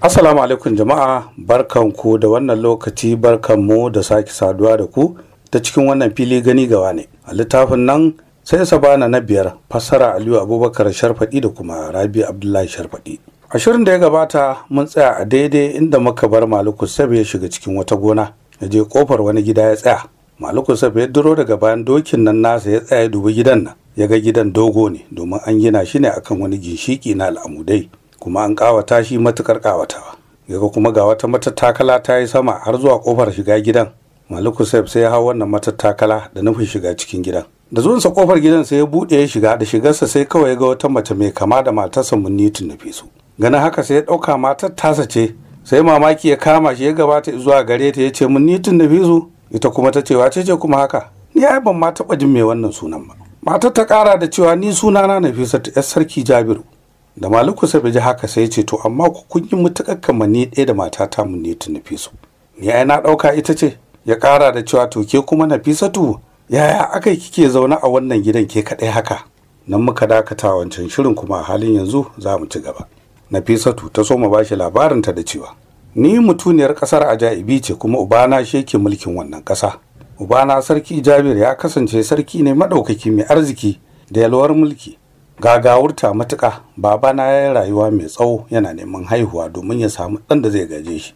Assalamu alaikum jama'a barkanku da wannan lokaci barkanmu da sake saduwa da ku ta cikin wannan fili gani gawa ne a littafin nan sai sa sabana na biyar fassara aliyu abubakar sharfadi da kuma rabi abdullahi sharfadi a shirin da ya gabata mun tsaya a daidai inda muka bar maliku sabi ya shiga cikin wata gona ya je kofar wani gida ya tsaya maliku sabi ya duro daga bayan dokin nan nasa ya tsaya ya dubi gidan nan ya ga gidan dogo ne domin an gina shi ne akan wani ginshiki na al'amudai kuma an kawata shi matukar ƙawatawa yaga kuma ga wata matattakala ta yi sama har zuwa kofar shiga gidan maliku saif sai ya hau wannan matattakala da nufin shiga cikin gidan da zuwansa kofar gidan sai ya buɗe ya shiga da shigarsa sai kawai ga wata mace mai kama da matarsa munni na su ganin haka sai ya ɗauka matar tasa ce sai mamaki ya kama shi ya gabata zuwa gare ta ya ce nitin na su ita kuma ta ce wace ce kuma haka ni ai ban ma taɓa jin mai wannan sunan ba matar ta ƙara da cewa ni sunana na fisatu 'yar sarki jabiru da maliku sai ji haka sai ya ce to amma ku kun yi mutukar kamanni ɗaya da matata mu ne ta nafisu ni ai na ɗauka ita ce ya ƙara da cewa to ke kuma nafisatu yaya aka kike zaune a wannan gidan ke kaɗai haka nan muka dakata wancan shirin kuma a halin yanzu za mu ci gaba nafisatu ta so mu bashi labarinta da cewa ni mutuniyar ƙasar ajaibi ce kuma ubana shi yake mulkin wannan ƙasa ubana sarki jabir ya kasance sarki ne maɗaukaki mai arziki da yalwar mulki gagawurta matuka babana ya yi rayuwa mai tsawo yana neman haihuwa domin ya samu ɗan da zai gaje shi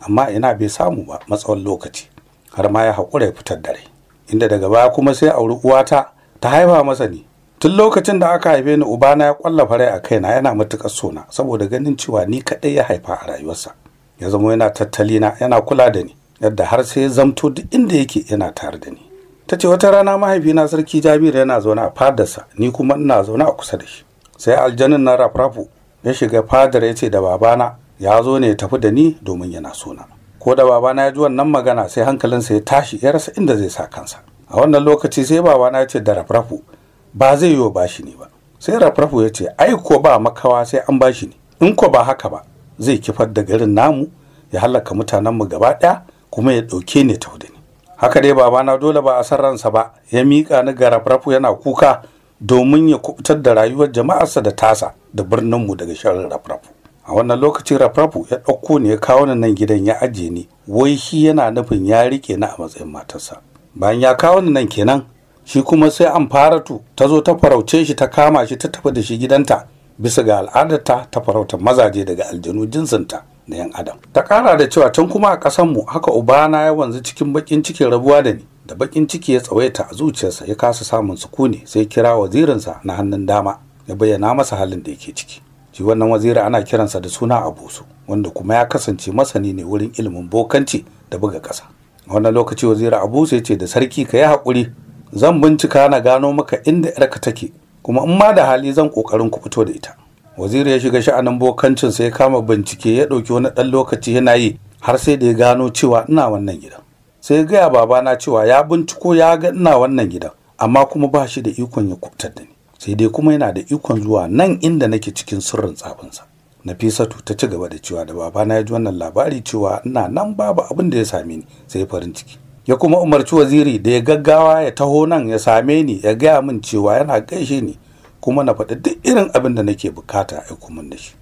amma ina bai samu ba matsawon lokaci har ma ya haƙura ya fitar da rai inda daga baya kuma sai auri uwata ta haifa masa ne tun lokacin da aka haife ni ubana ya ƙwallafa rai a kaina yana matuƙar sona saboda ganin cewa ni kaɗai ya haifa a rayuwarsa ya zama yana tattalina yana kula da ni yadda har sai ya zamto duk inda yake yana tare da ni ta ce wata rana mahaifina sarki jabiru yana zaune a fadarsa ni kuma ina zaune a kusa da shi sai aljanin na rafrafu ya shiga fadar ya ce da babana ya zo ne ya tafi da ni domin yana suna ko da babana ya ji wannan magana sai hankalinsa ya tashi ya rasa inda zai sa kansa a wannan lokaci sai babana ya ce da rafrafu ba zai yi wa bashi ne ba sai rafrafu ya ce ai ko ba makawa sai an bashi ne in ko ba haka ba zai kifar da garin namu ya halaka mutanenmu gaba ɗaya kuma ya ɗauke ne tafi da ni haka dai babana dole ba a san ransa ba ya miƙa ni ga rafrafu yana kuka domin ya kubutar da rayuwar jama'arsa da tasa da birninmu daga sharar rafrafu a wannan lokacin rafrafu ya ɗauko ne ya kawo ni nan gidan ya ajiye ni wai shi yana nufin ya riƙe ni a matsayin matarsa bayan ya kawo ni nan kenan shi kuma sai an fara tu ta zo ta farauce shi ta kama shi ta tafi da shi gidanta bisa ga al'adarta ta farautar mazaje daga aljanu jinsinta na 'yan adam ta kara da cewa can kuma a mu haka ubana ya wanzu cikin bakin cikin rabuwa da ni da baƙin ciki ya tsawaita a zuciyarsa ya kasa samun sukuni sai kira wazirinsa na hannun dama ya bayyana masa halin da yake ciki shi wannan waziri ana kiransa da suna abusu wanda kuma ya kasance masani ne wurin ilimin bokanci da buga ƙasa a wannan lokaci waziri abusu ya ce da sarki ka yi haƙuri zan bincika na gano maka inda 'yarka take kuma in ma da hali zan ƙoƙarin ku fito da ita waziri ya shiga sha'anin bokancin sai kama bincike ya ɗauki wani ɗan lokaci yana yi har sai da ya gano cewa ina wannan gidan sai ya gaya babana cewa ya binciko ya ga ina wannan gidan amma kuma ba shi da ikon ya kubtar da ni sai dai kuma yana da ikon zuwa nan inda nake cikin sirrin tsabinsa nafisatu ta ci gaba da cewa da babana ya ji wannan labari cewa ina nan babu abin da ya same ni sai farin ciki ya kuma umarci waziri da ya gaggawa ya taho nan ya same ni ya gaya min cewa yana gaishe ni kuma na faɗi duk irin abin da nake bukata a aiko min da shi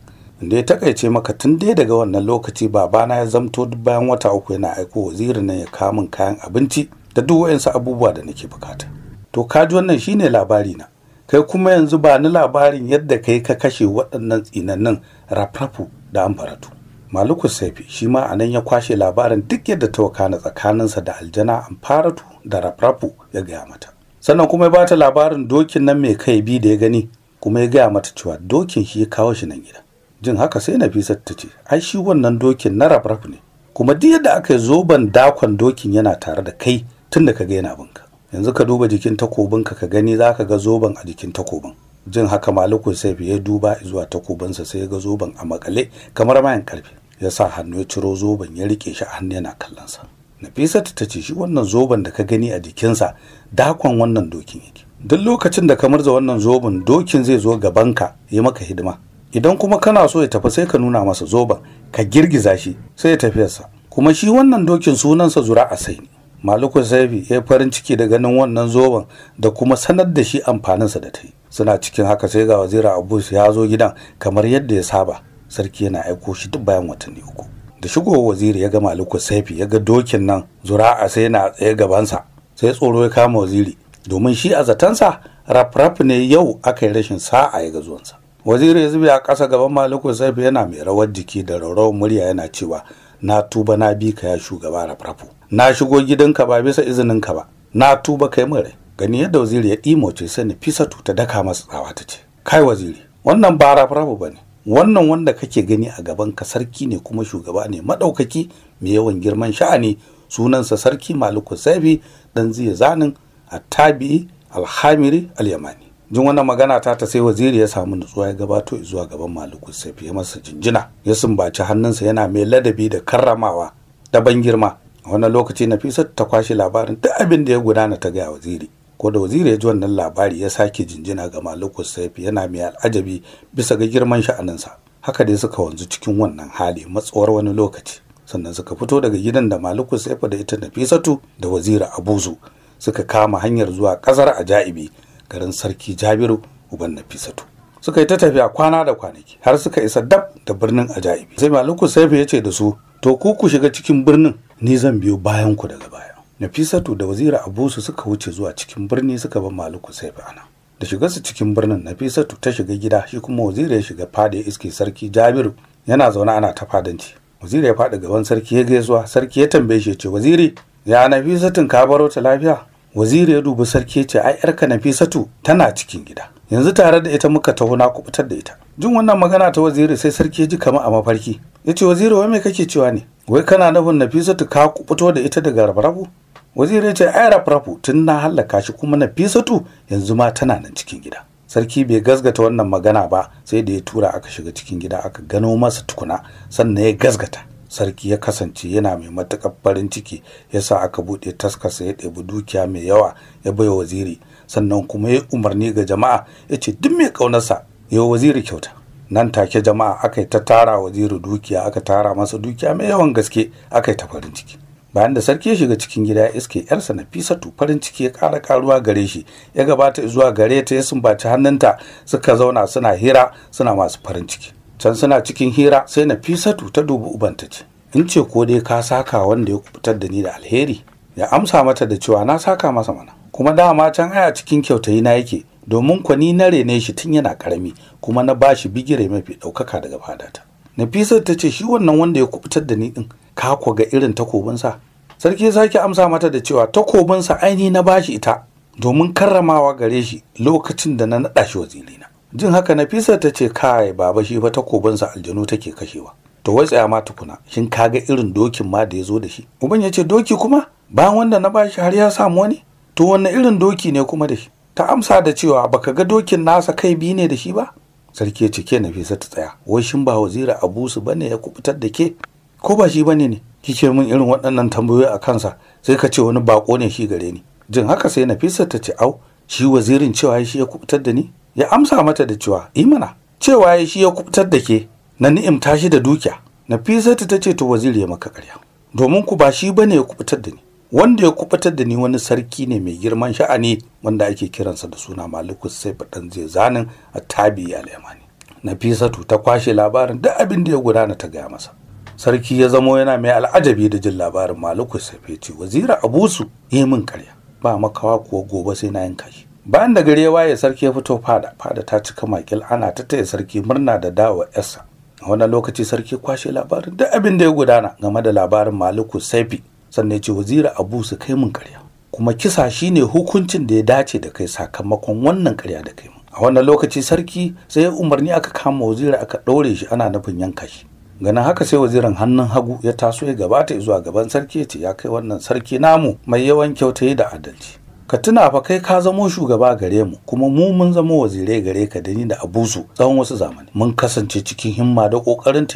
inda ya takaice maka tun dai daga wannan lokaci babana ya zamto duk bayan wata uku yana aiko wazirin na ya kawo min kayan abinci da duk wayansu abubuwa da nake bukata to kaji wannan shine labari na kai kuma yanzu ba ni labarin yadda kai ka kashe waɗannan tsinannin rafrafu da amfaratu maluku saifi shi ma a nan ya kwashe labarin duk yadda ta wakana tsakaninsa da aljana amfaratu da rafrafu ya gaya mata sannan kuma ya ba ta labarin dokin nan mai kai bi da ya gani kuma ya gaya mata cewa dokin shi ya kawo shi nan gida jin haka sai Nafisat ta ce ai shi wannan dokin na rafraf ne kuma duk yadda aka yi zoben dakon dokin yana tare da kai tun da ka ga yana binka yanzu ka duba jikin takobinka ka gani za ka ga zoben a jikin takobin jin haka maliku sai ya duba zuwa takobinsa sai ya ga zoben a makale kamar mayan karfe ya sa hannu ya ciro zoben ya rike shi a hannu yana kallonsa Nafisatu ta ce shi wannan zoben da ka gani a jikinsa dakon wannan dokin yake. Duk lokacin da ka murza wannan zoben dokin zai zo gaban ka ya maka hidima. Idan kuma kana so ya tafi sai ka nuna masa zoben ka girgiza shi sai ya tafiyarsa. Kuma shi wannan dokin sunansa zura a sai. Maliku Saifi ya farin ciki da ganin wannan zoben da kuma sanar da shi amfaninsa da ta yi. Suna cikin haka sai ga wazira Abu ya zo gidan kamar yadda ya saba. Sarki yana aiko shi duk bayan watanni uku. da shigo waziri ya ga maliku saifi ya ga dokin nan zura a sai na tsaye gabansa sai tsoro ya kama waziri domin shi a zatansa rafraf ne yau aka yi rashin sa'a ya ga zuwansa waziri ya zube a ƙasa gaban maliku saifi yana mai rawar jiki da rauro murya yana cewa na tuba na bi ka ya shugaba rap na shigo gidanka ba bisa izininka ba na tuba kai mure gani yadda waziri ya ɗimoce sani fisatu ta daka masa tsawa ta ce kai waziri wannan ba rap ba ne wannan wanda kake gani a gaban ka sarki ne kuma shugaba ne maɗaukaki mai yawan girman sha'ani sunansa sarki maliku sabi dan ziya zanin attabi alhamiri alyamani jin wannan magana ta ta sai waziri ya samu nutsuwa ya gabato zuwa gaban maliku sabi ya masa jinjina ya sumbaci hannunsa yana mai ladabi da karramawa da ban girma a wannan lokaci nafisat ta kwashe labarin duk abin da ya gudana ta gaya waziri ko da waziri ya ji wannan labari ya sake jinjina ga maliku saifi yana mai al'ajabi bisa ga girman sha'aninsa haka dai suka wanzu cikin wannan hali matsawar wani lokaci sannan suka fito daga gidan da maliku saifi da ita nafisatu da wazira abuzu suka kama hanyar zuwa kasar ajaibi garin sarki jabiru uban nafisatu suka yi ta tafiya kwana da kwanaki har suka isa dab da birnin ajaibi sai maliku saifi ya ce da su to ku ku shiga cikin birnin ni zan biyo bayan ku daga baya Nafisatu da Wazira Abusu suka wuce zuwa cikin birni suka bar Maliku sai ana. Da su cikin birnin Nafisatu ta shiga gida shi kuma Wazira ya shiga fada ya iske sarki Jabiru yana zaune ana ta fadanci. Wazira ya faɗi gaban sarki ya gaisuwa sarki ya tambaye shi ya ce Waziri ya Nafisatun ka baro ta lafiya? Waziri ya dubi sarki ya ce ai yarka Nafisatu tana cikin gida. Yanzu tare da ita muka taho na kubutar da ita. Jin wannan magana ta Waziri sai sarki ya ji kama a mafarki. Ya ce Waziri wai me kake cewa ne? Wai kana nufin Nafisatu ka kubuto da ita daga rabu? waziri ce airafrafu tun na hallaka shi kuma na fisatu yanzu ma tana nan cikin gida sarki bai gazgata wannan magana ba sai da ya tura aka shiga cikin gida aka gano masa tukuna sannan ya gazgata sarki ya kasance yana mai matukar farin ciki yasa aka buɗe taskarsa ya ɗebi dukiya mai yawa ya bai waziri sannan kuma ya umarni ga jama'a ya ce duk mai ƙaunarsa ya waziri kyauta nan take jama'a aka ta tara waziri dukiya aka tara masa dukiya mai yawan gaske aka yi ta farin ciki bayan da sarki ya shiga cikin gida ya iske yarsa na farin ciki ya ƙara karuwa gare shi ya gabata zuwa gare ta ya sumbaci hannunta suka zauna suna hira suna masu farin ciki can suna cikin hira sai na ta ta dubi ta ce in ce ko dai ka saka wanda ya kubutar da ni da alheri ya amsa mata da cewa na saka masa mana kuma dama can aya cikin kyautayi na yake domin kwa ni na rene shi tun yana karami kuma na bashi bigire mafi ɗaukaka daga fadata fisa ta ce shi wannan wanda ya kubutar da ni din ka ku ga irin takobinsa sarki ya sake amsa mata da cewa takobinsa aini na bashi ita domin karramawa gare shi lokacin da na naɗa shi wazirina jin haka nafisa ta ce kai baba shi fa takobinsa aljanu take kashewa to wai tsaya ma tukuna shin ka ga irin dokin ma da ya zo da shi uban ya ce doki kuma bayan wanda na bashi har ya samu wani to wanne irin doki ne kuma da shi ta amsa da cewa baka ga dokin nasa kai biyu ne da shi ba sarki ya ce ke nafisa ta tsaya wai shin ba wazira abusu bane ya kubutar da ke ko ba shi ba? ne kike min irin waɗannan tambayoyi a kansa sai ka ce wani bako ne shi gare ni jin haka sai nafisa ta ce au shi wazirin cewa shi ya kubutar da ni ya amsa mata da cewa imana eh cewa shi ya kubutar da ke na ni'imta shi da dukiya nafisa ta ce to waziri ya maka karya domin ku ba shi ba ne ya kubutar da ni wanda ya kubutar da ni wani sarki ne mai girman sha'ani wanda ake kiransa da suna maliku sai faɗan zai zanin a tabi al-yamani nafisatu ta kwashe labarin duk abin da ya gudana ta gaya masa sarki ya zamo yana mai al'ajabi da jin labarin maliku safeti wazira abusu yi min karya ba makawa kuwa gobe sai na yanka shi bayan da gare waye sarki ya fito fada fada ta cika makil ana ta taya sarki murna da dawa yarsa a wannan lokaci sarki kwashe labarin duk abin da ya gudana game da labarin maliku saifi sannan ce wazira abusu kai min karya kuma kisa shine hukuncin da ya dace da kai sakamakon wannan karya da kai a wannan lokaci sarki sai ya umarni aka kama wazira aka ɗaure shi ana nufin yanka shi Gana haka sai wazirin hannun hagu ya taso ya gabata zuwa gaban sarki ya ce ya kai wannan sarki namu mai yawan kyautayi da adalci ka tuna fa kai ka zamo shugaba gare mu kuma mu mun zama wazirai gare ka da ni da abusu tsawon wasu zamani mun kasance cikin himma da kokarin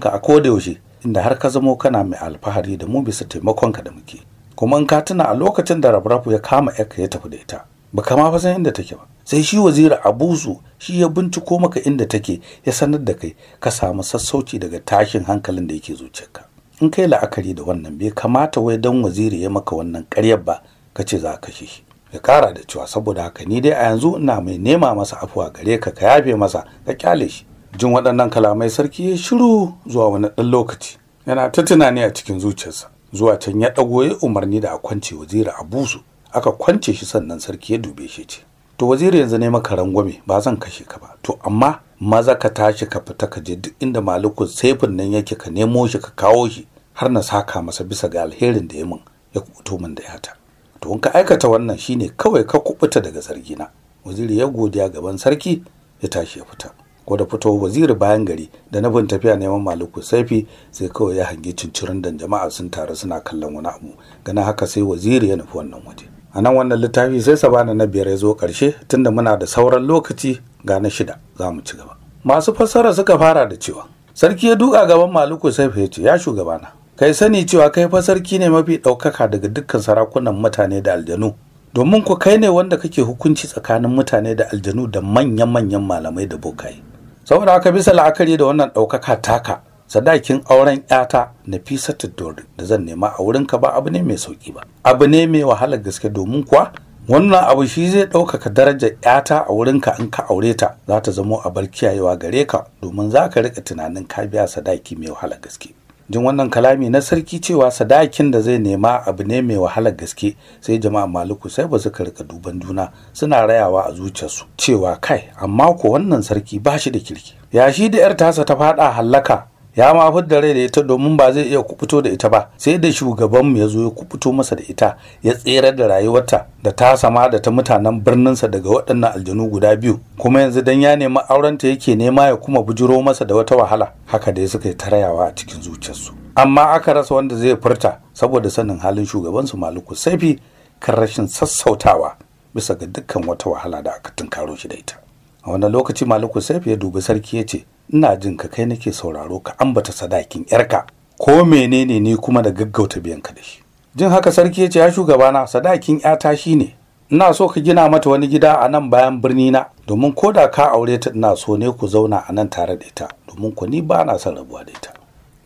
ka a koda yaushe inda har ka zamo kana mai alfahari da mu bisa taimakon ka da muke kuma in ka tuna a lokacin da rabrafu ya kama yarka ya tafi da ita ba kama fa san inda take ba sai shi wazira abuzu shi ya binciko maka inda take ya sanar da kai ka samu sassauci daga tashin hankalin da yake zuciyarka in kai la'akari da wannan bai kamata wai dan waziri ya maka wannan karyar ba ka ce za ka shi ya kara da cewa saboda haka ni dai a yanzu ina mai nema masa afuwa gare ka ka yafe masa ka kyale shi jin waɗannan kalamai sarki ya shiru zuwa wani ɗan lokaci yana ta tunani a cikin zuciyarsa zuwa can ya ɗago ya umarni da a kwance wazira Abusu. aka kwance shi sannan sarki ya dube shi ce to waziri yanzu ne maka rangwame ba zan kashe ka ba to amma maza ka tashi ka fita ka je duk inda malikun saifin nan yake ka nemo shi ka kawo shi har na saka masa bisa ga alherin da ya min ya kubuto min da yata to in ka aikata wannan shine kawai ka kubuta daga sarkina. waziri ya godiya gaban sarki ya tashi ya fita ko da fito waziri bayan gari da na bin tafiya neman maliku saifi sai kawai ya hangi cincirin dan jama'a sun taru suna kallon wani abu gana haka sai waziri ya nufi wannan waje a nan wannan littafi sai sa bani na biyar ya zo ƙarshe tunda muna da sauran lokaci ga na shida za mu ci gaba masu fassara suka fara da cewa sarki ya duka gaban maluku sai ya ce ya shugabana kai sani cewa kai fa sarki ne mafi ɗaukaka daga dukkan sarakunan mutane da aljanu domin ku kai ne wanda kake hukunci tsakanin mutane da aljanu da manyan manyan malamai da bokaye saboda haka bisa la'akari da wannan ɗaukaka taka sadakin auren yata Nafisatu Dore da zan nema a wurinka ba abu ne mai sauki ba abu ne mai wahalar gaske domin kuwa wannan abu shi zai ɗaukaka darajar yata a wurinka in ka aure ta za ta zamo abar kiyayewa gare ka domin za ka riƙa tunanin ka biya sadaki mai wahalar gaske jin wannan kalami na sarki cewa sadakin da zai nema abu ne mai wahalar gaske sai jama'a maluku sai ba ka rika duban juna suna rayawa a zuciyarsu cewa kai amma ko wannan sarki ba shi da kirki yashi da yar tasa ta faɗa hallaka ya ma fidda rai da ita domin ba zai iya kubuto da ita ba sai da shugabanmu ya zo ya kubuto masa da ita ya tsere da rayuwarta da ta sama da ta mutanen birninsa daga waɗannan aljanu guda biyu kuma yanzu dan ya nemi aurenta yake nema ya kuma bujiro masa da wata wahala haka dai suka yi tarayawa a cikin zuciyarsu amma aka rasa wanda zai furta saboda sanin halin shugabansu maluku saifi kan rashin sassautawa bisa ga dukkan wata wahala da aka tunkaro shi da ita a wani lokaci maluku saifi ya dubi sarki ya ce ina jin ka kai nake sauraro ka ambata sadakin yarka ko menene ne kuma da gaggauta biyan ka da shi jin haka sarki ya ce ya shugabana sadakin yata ne. ina so ka gina mata wani gida a nan bayan birni na domin ko da ka aure ta ina so ne ku zauna a nan tare da ita domin ku ni ba na son rabuwa da ita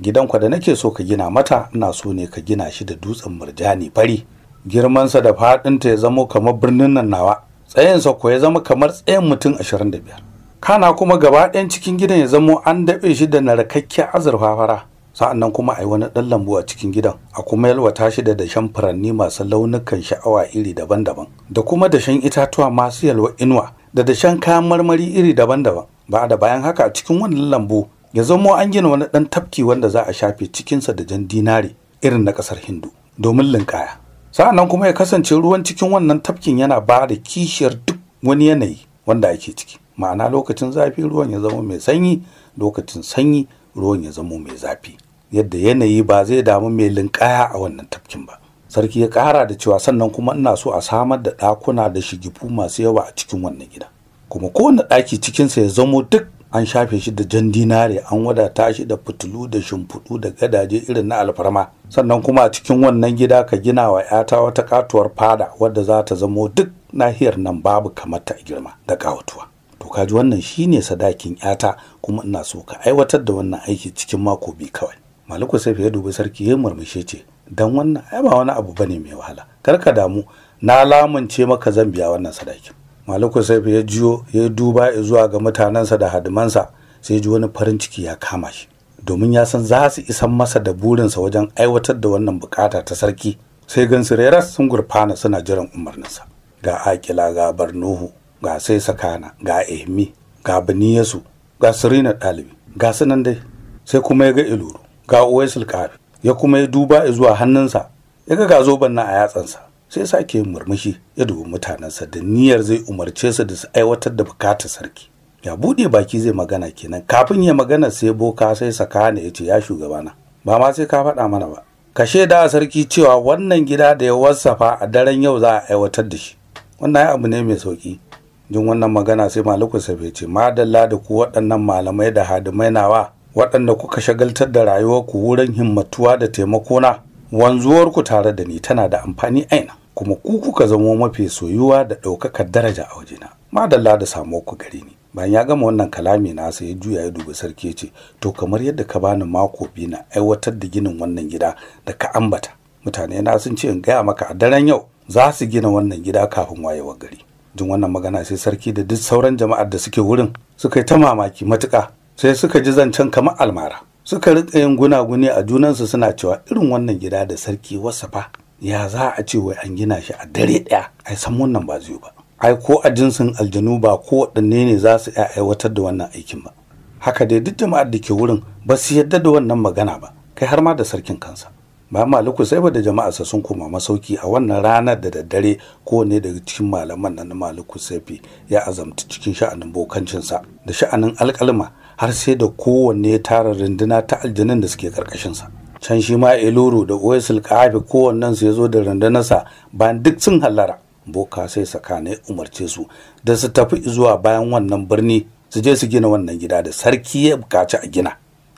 gidan ku da nake so ka gina mata ina so ne ka gina shi da dutsen murjani fari girmansa da faɗinta ya zamo kamar birnin nan nawa tsayinsa ko ya zama kamar tsayin mutum ashirin da biyar kana kuma gaba ɗayan cikin gidan ya zamo an daɓe shi da narakakkiyar azurfa fara sa'annan kuma a yi wani ɗan lambu a cikin gidan a kuma yalwata shi da dashen furanni masu launukan sha'awa iri daban-daban da kuma dashen itatuwa masu yalwa inuwa da dashen kayan marmari iri daban-daban ba da bayan haka a cikin wannan lambu ya zamo an gina wani ɗan tafki wanda za a shafe cikinsa da jan dinari irin na ƙasar hindu domin linkaya sa'annan kuma ya kasance ruwan cikin wannan tafkin yana ba da kishiyar duk wani yanayi wanda ake ciki ma'ana lokacin zafi ruwan ya zama mai sanyi lokacin sanyi ruwan ya zama mai zafi yadda yanayi ba zai damu mai linƙaya a wannan tafkin ba sarki ya kara da cewa sannan kuma ina so a samar da ɗakuna da shigifu masu yawa a cikin wannan gida kuma kowane ɗaki cikinsa ya zamo duk an shafe shi da jan dinare an wadata shi da fitilu da shimfiɗu da gadaje irin na alfarma sannan kuma a cikin wannan gida ka gina wa 'yata wata katuwar fada wadda za ta zamo duk nahiyar nan babu kamar ta girma da ƙawatuwa to kaji wannan shine sadakin 'yata kuma ina so ka aiwatar da wannan aiki cikin mako biyu kawai maliku sai ya dubi sarki ya murmushe ce dan wannan ai ba wani abu bane mai wahala kar ka damu na lamunce maka zan biya wannan sadakin maliku saif ya jiyo ya duba zuwa ga mutanensa da hadimansa sai ji wani farin ciki ya kama shi domin ya san za su isan masa da burinsa wajen aiwatar da wannan bukata ta sarki sai gansireras sun gurfana suna jiran umarninsa ga akila ga barnuhu ga sai sakana ga ehmi ga biniyasu ga sirina ɗalibi ga sunan dai sai kuma ya ga iluru ga uwaisul ya kuma ya duba zuwa hannunsa ya ga ga zoben na a yatsansa sai sake yin murmushi ya dubi mutanensa da niyyar zai umarce su da su aiwatar da bukatar sarki ya bude baki zai magana kenan kafin ya magana sai boka sai sakana ya ce ya shugabana ba ma sai ka faɗa mana ba ka shaida sarki cewa wannan gida da ya wasafa a daren yau za a aiwatar da shi wannan abu ne mai sauki jin wannan magana sai maluku sabe ce madalla da ku waɗannan malamai da hadimai nawa waɗanda kuka shagaltar da rayuwarku wurin himmatuwa da taimakona Wanzuwar ku tare da ni tana da amfani aina kuma ku kuka zamo mafi soyuwa da ɗaukakar daraja a wajena madalla da samu ku gare ni bayan ya gama wannan kalami na sai ya juya ya dubi sarki ya ce to kamar yadda ka bani mako biyu na aiwatar da ginin wannan gida da ka ambata mutane na sun ce in gaya maka a daren yau za su gina wannan gida kafin wayewar gari jin wannan magana sai sarki da duk sauran jama'ar da suke wurin suka yi ta mamaki matuka, sai suka ji zancen kamar almara suka riƙa yin gunaguni a junansu suna cewa irin wannan gida da sarki fa ya za a ce wai an gina shi a dare ɗaya ai san wannan ba zai ba ai ko a jinsin aljanu ba ko waɗanne ne za su iya aiwatar da wannan aikin ba haka dai duk jama'ar da ke wurin ba su yadda da wannan magana ba kai har ma da sarkin kansa ba maluku sai ba da jama'a sa sun koma masauki a wannan ranar da daddare ko kowane daga cikin malaman nan maluku maliku ya azamta cikin sha'anin bokancinsa da sha'anin alkalma har sai da kowanne ya tara runduna ta aljanun da suke karkashinsa can shi ma eloro da oisil kafi kowannen su ya zo da randanarsa bayan duk sun hallara boka sai sakanai umarce su da su tafi zuwa bayan wannan birni su je su gina wannan gida da sarki ya bukaci a gina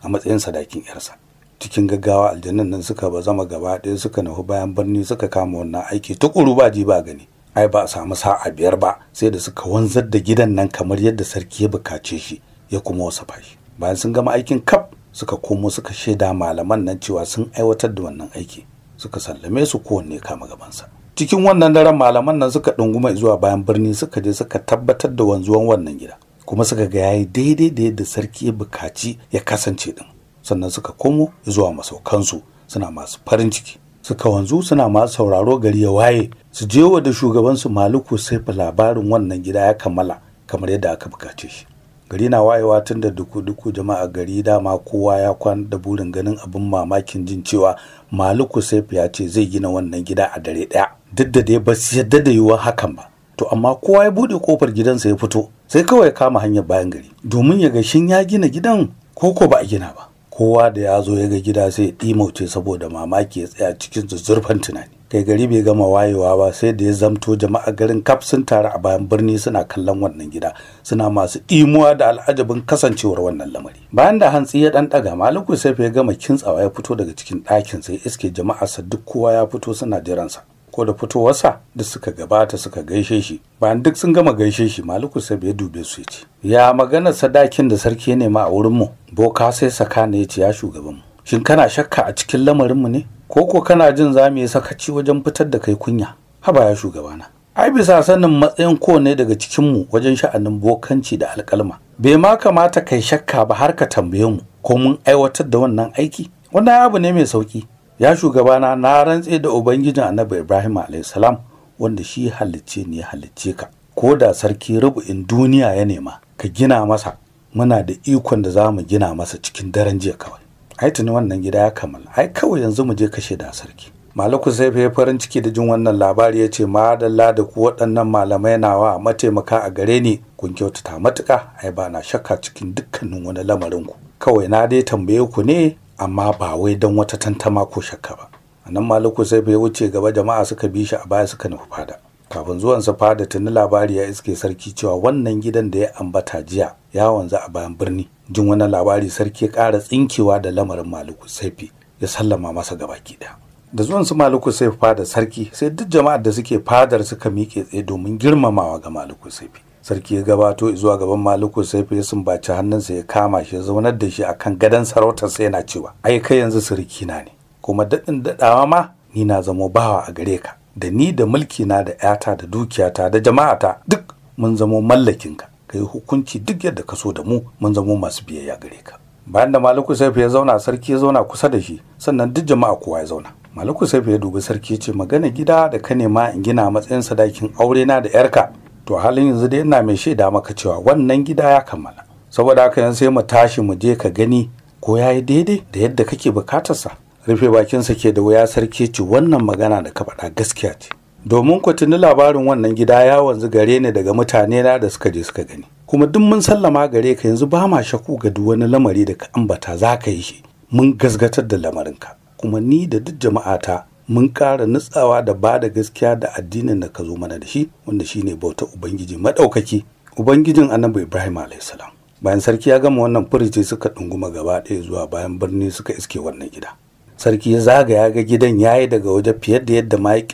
a matsayin sadakin yarsa cikin gaggawa aljannan nan suka ba zama gaba ɗaya suka nufi bayan birni suka kama wannan aiki tukuru ba ji ba gani ai ba a samu sa'a biyar ba sai da suka wanzar da gidan nan kamar yadda sarki ya bukace shi ya kuma wasafa shi bayan sun gama aikin kaf suka komo suka shaida malaman nan cewa sun aiwatar da wannan aiki suka sallame su kowanne kama gabansa cikin wannan daren malaman nan suka ɗunguma zuwa bayan birni suka je suka tabbatar da wanzuwan wannan gida kuma suka ga yayi daidai da yadda sarki ya bukaci ya kasance din sannan suka komo zuwa su suna masu farin ciki suka wanzu suna masu sauraro gari ya waye su je wa da shugabansu maluku sai labarin wannan gida ya kammala kamar yadda aka bukace shi gari na wayewa tun da duku-duku jama'a gari dama kowa ya kwan da burin ganin abin mamakin jin cewa maluku saifu ya ce zai gina wannan gida a dare ɗaya duk da dai ba su yadda da yiwuwar hakan ba to amma kowa ya buɗe kofar gidansa ya fito sai kawai kama hanyar bayan gari domin ya ga shin ya gina gidan ko ko ba a gina ba kowa da ya zo ya ga gida sai ya ɗimauce saboda mamaki ya tsaya cikin zuzzurfan tunani kai gari bai gama wayewa ba sai da ya zamto jama'a garin kaf sun taru a bayan birni suna kallon wannan gida suna masu imuwa da al'ajabin kasancewar wannan lamari bayan da hantsi ya dan daga maliku sai ya gama kintsawa ya fito daga cikin ɗakin sai iske jama'a sa duk kowa ya fito suna jiransa ko da fitowarsa da suka gabata suka gaishe shi bayan duk sun gama gaishe shi maliku sai ya dube su yace ya magana sadakin da sarki ya nema a wurin mu boka sai saka ne yace ya shugaban mu shin kana shakka a cikin lamarin mu ne ko ko kana jin za mu yi sakaci wajen fitar da kai kunya haba ya shugabana ai bisa sanin matsayin ne daga cikin mu wajen sha'anin bokanci da alƙalma. bai ma kamata kai shakka ba har ka tambaye mu ko mun aiwatar da wannan aiki wannan abu ne mai sauki ya shugabana na rantse da ubangijin annabi ibrahim alaihissalam wanda shi halicce ne ya halicce ka ko da sarki rubu'in duniya ya nema ka gina masa muna da ikon da za mu gina masa cikin daren jiya kawai ai tuni wannan gida ya kammala ai kawai yanzu mu je kashe da sarki malaku sai fa farin ciki da jin wannan labari ya ce madalla da ku waɗannan malamai nawa mataimaka a gare ni kun kyautata matuka ai ba na shakka cikin dukkanin wani lamarin ku kawai na dai tambaye ku ne amma ba wai don wata tantama ko shakka ba a nan maliku sai bai wuce gaba jama'a suka bi shi a baya suka nufi fada kafin zuwansa fada tuni labari ya iske sarki cewa wannan gidan da ya ambata jiya ya wanzu a bayan birni jin wani labari sarki ya ƙara tsinkewa da lamarin maluku saifi ya sallama masa gaba ɗaya da zuwan su maluku saifi fada sarki sai duk jama'ar da suke fadar suka miƙe tsaye domin girmamawa ga maluku saifi sarki ya gabato zuwa gaban maluku sai fa sun sumbaci hannunsa ya kama shi ya zaunar da shi akan gadon sarautarsa yana cewa ai kai yanzu sarki na ne kuma daɗin daɗawa ma ni na zamo bawa a gare ka da ni da mulki na da ƴata da dukiyata da jama'ata duk mun zamo mallakinka ka yi hukunci duk yadda ka so da mu mun zamo masu biyayya gare ka bayan da maliku saifu ya zauna sarki ya zauna kusa da shi sannan duk jama'a kowa ya zauna maliku saifu ya dubi sarki ya ce magana gida da ka nema in gina matsayin sadakin aure na da yarka to halin yanzu dai ina mai shaida maka cewa wannan gida ya kammala saboda haka yanzu sai mu tashi mu je ka gani ko ya daidai da yadda kake bukatar sa rufe bakinsa ke da wuya sarki ce wannan magana da ka faɗa gaskiya ce domin ku tuni labarin wannan gida ya wanzu gare ni daga mutane na da suka je suka gani kuma duk mun sallama gare ka yanzu ba ma shaku ga duk wani lamari da ka ambata za ka yi shi mun gasgatar da lamarinka kuma ni da duk jama'ata mun ƙara nutsawa da ba da gaskiya da addinin da ka zo mana da shi wanda shi ne bauta ubangiji maɗaukaki ubangijin annabi ibrahim alaihissalam bayan sarki ya gama wannan furici suka ɗunguma gaba ɗaya zuwa bayan birni suka iske wannan gida sarki ya zagaya ga gidan ya yi daga waje fiye da yadda ma ya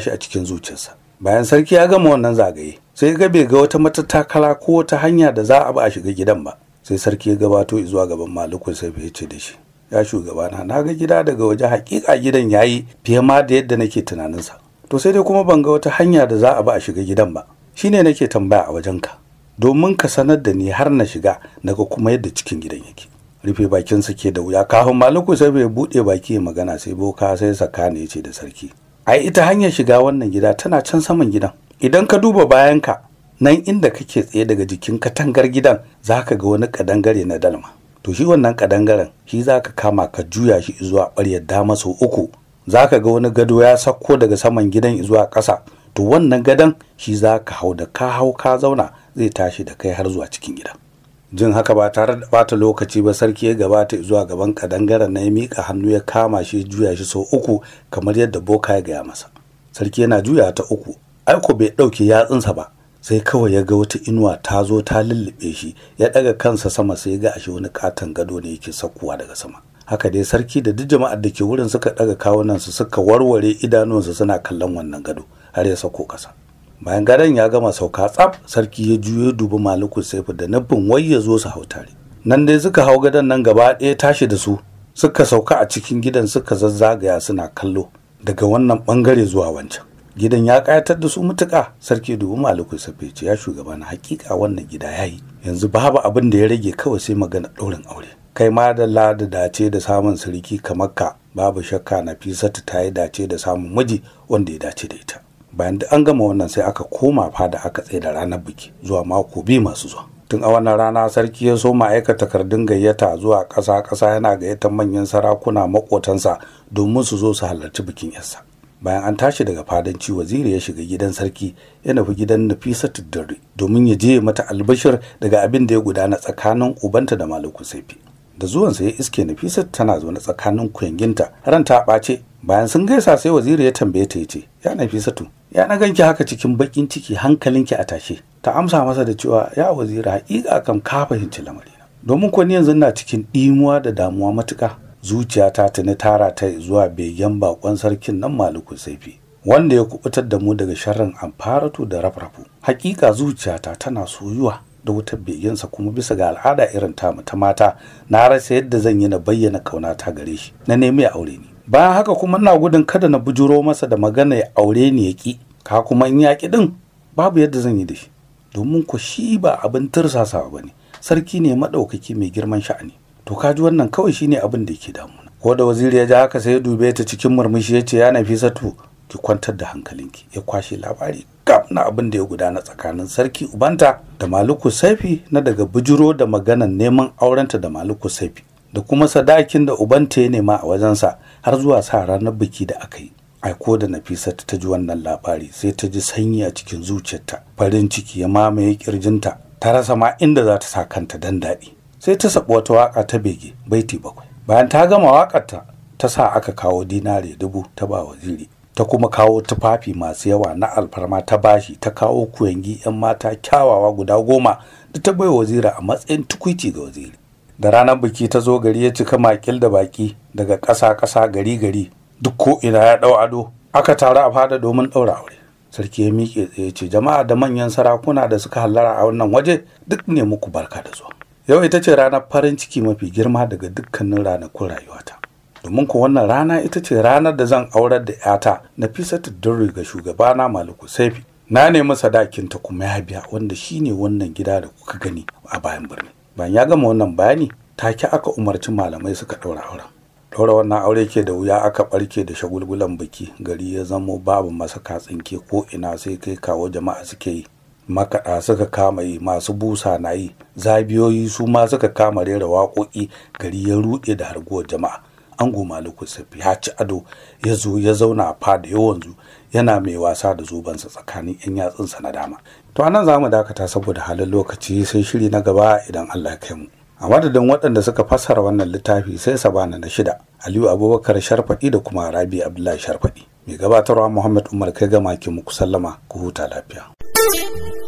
shi a cikin zuciyarsa bayan sarki ya gama wannan zagaye sai ga bai ga wata matattakala ko wata hanya da za a ba a shiga gidan ba sai sarki ya gabato zuwa gaban malikul sai ya ce da shi ya shugabana na ga gida daga waje hakika gidan yayi fiye ma da yadda nake tunaninsa to sai dai kuma ban ga wata hanya da za a ba a shiga gidan ba shine nake tambaya a wajenka domin ka sanar da ni har na shiga naga kuma yadda cikin gidan yake rufe bakin sa ke da wuya kafin maluku sai bai bude baki ya magana sai boka sai saka ne ce da sarki ai ita hanyar shiga wannan gida tana can saman gidan idan ka duba bayan ka, nan inda kake tsaye daga jikin katangar gidan zaka ga wani kadangare na dalma to shi wannan kadangaren shi za ka kama ka juya shi zuwa ɓaryar dama sau uku za ka ga wani gado ya sakko daga saman gidan zuwa ƙasa to wannan gadon shi za ka hau da ka hau ka zauna zai tashi da kai har zuwa cikin gida. jin haka ba tare da bata lokaci ba sarki ya gabata zuwa gaban kadangaren na ya miƙa hannu ya kama shi juya shi sau uku kamar yadda boka ya gaya masa sarki yana juya ta uku aiko bai ɗauke yatsunsa ba sai kawai ya ga wata inuwa ta zo ta lullube shi ya ɗaga kansa sama sai ga ashe wani katon gado ne yake sakkuwa daga sama haka dai sarki da duk jama'ar da ke wurin suka ɗaga kawunan su suka warware idanunsu suna kallon wannan gado har ya sako ƙasa bayan gadon ya gama sauka tsaf sarki ya juyo dubi malikul saifu da nufin wai ya zo su hau tare nan dai suka hau gadon nan gaba ɗaya tashi da su suka sauka a cikin gidan suka zazzagaya suna kallo daga wannan bangare zuwa wancan gidan ya kayatar da su mutuka sarki dubu maliku safeci ya shugaba na hakika wannan gida yayi yanzu babu abin da ya rage kawai sai magana ɗaurin aure kai ma da la dace da samun sarki kamar ka babu shakka na fisata ta yi dace da samun miji wanda ya dace da ita bayan da an gama wannan sai aka koma fada aka tsaye da ranar biki zuwa mako biyu masu zuwa tun a wannan rana sarki ya so ma'aika takardun gayyata zuwa ƙasa-ƙasa yana gayyatar manyan sarakuna maƙotansa domin su zo su halarci bikin yarsa bayan an tashi daga fadanci waziri ya shiga gidan sarki ya nufi gidan nafisatu dare domin ya je mata albashir daga abin da ya gudana tsakanin ubanta da maluku saifi da zuwansa ya iske Nafisatu tana zaune tsakanin kuyanginta ran ta ɓace bayan sun gaisa sai waziri ya tambaye ta yace ya nafisatu ya na ganki haka cikin bakin ciki hankalinki a tashe ta amsa masa da cewa ya waziri haƙiƙa kam ka fahimci lamari domin ko ni yanzu na cikin ɗimuwa da damuwa matuƙa zuciyata ta ni tara ta zuwa begen bakon sarkin nan maliku saifi wanda ya kubutar da mu daga sharrin amfaratu da rafrafu hakika zuciyata tana soyuwa da wutar begensa kuma bisa ga al'ada irin tamu ta mata na rasa yadda zan yi na bayyana kaunata gare shi na nemi ya aure ni bayan haka kuma ina gudun kada na bujuro masa da magana ya aure ni ya ki ka kuma in ya ki din babu yadda zan yi da shi domin ku shi ba abin tursasawa ba ne sarki ne maɗaukaki mai girman sha'ani to ji wannan kawai shine abin da yake damuna ko da waziri ya ja haka sai ya dube ta cikin murmushi ya ce ya nafisatu ki kwantar da hankalinki ya kwashe labari gab na abin da ya gudana tsakanin sarki ubanta da maluku saifi na daga bujiro da maganan neman aurenta da maluku saifi da kuma sadakin da ubanta ya nema a wajensa har zuwa sa ranar biki da aka yi aiko da nafisa ta ji wannan labari sai ta ji sanyi a cikin zuciyarta farin ciki ya mamaye kirjinta ta rasa ma inda za ta sa kanta dan daɗi sai ta saɓi wata waƙa ta bege baiti bakwai bayan ta gama waƙar ta ta sa aka kawo dinari dubu ta ba waziri ta kuma kawo tufafi masu yawa na alfarma ta bashi ta kawo kuyangi 'yan mata kyawawa guda goma da ta bai wazira a matsayin tukwici ga waziri da ranar biki ta zo gari ya cika makil da baki daga ƙasa ƙasa gari gari duk ko ina ya ɗau ado aka taru a fada domin ɗaura aure sarki ya miƙe tsaye ce jama'a da manyan sarakuna da suka hallara a wannan waje duk ne muku barka da zuwa yau ita ce ranar farin ciki mafi girma daga dukkanin ranakun rayuwata domin ko wannan rana ita ce ranar da zan aurar da yata na fisata dare ga shugabana maluku saifi na nemi sadakinta kuma ya biya wanda shine wannan gida da kuka gani a bayan birni bayan ya gama wannan bayani take aka umarci malamai suka ɗaura auren ɗaura wannan aure ke da wuya aka ɓarke da shagulgulan biki gari ya zamo babu masaka tsinke ko ina sai kai kawo jama'a suke yi makaɗa suka kama yi masu busa na yi zabiyoyi su ma suka kama rera waƙoƙi gari ya ruɗe da harguwar jama'a an goma safi ya ci ado ya zo ya zauna a fada ya wanzu yana mai wasa da zubansa tsakanin yan yatsunsa na dama to anan za mu dakata saboda halin lokaci sai shiri na gaba idan allah ya kai mu a madadin waɗanda suka fassara wannan littafi sai sabana na shida aliyu abubakar sharfaɗi da kuma rabi abdullahi sharfaɗi mai gabatarwa muhammad umar kai gama ke muku sallama ku huta lafiya Bye.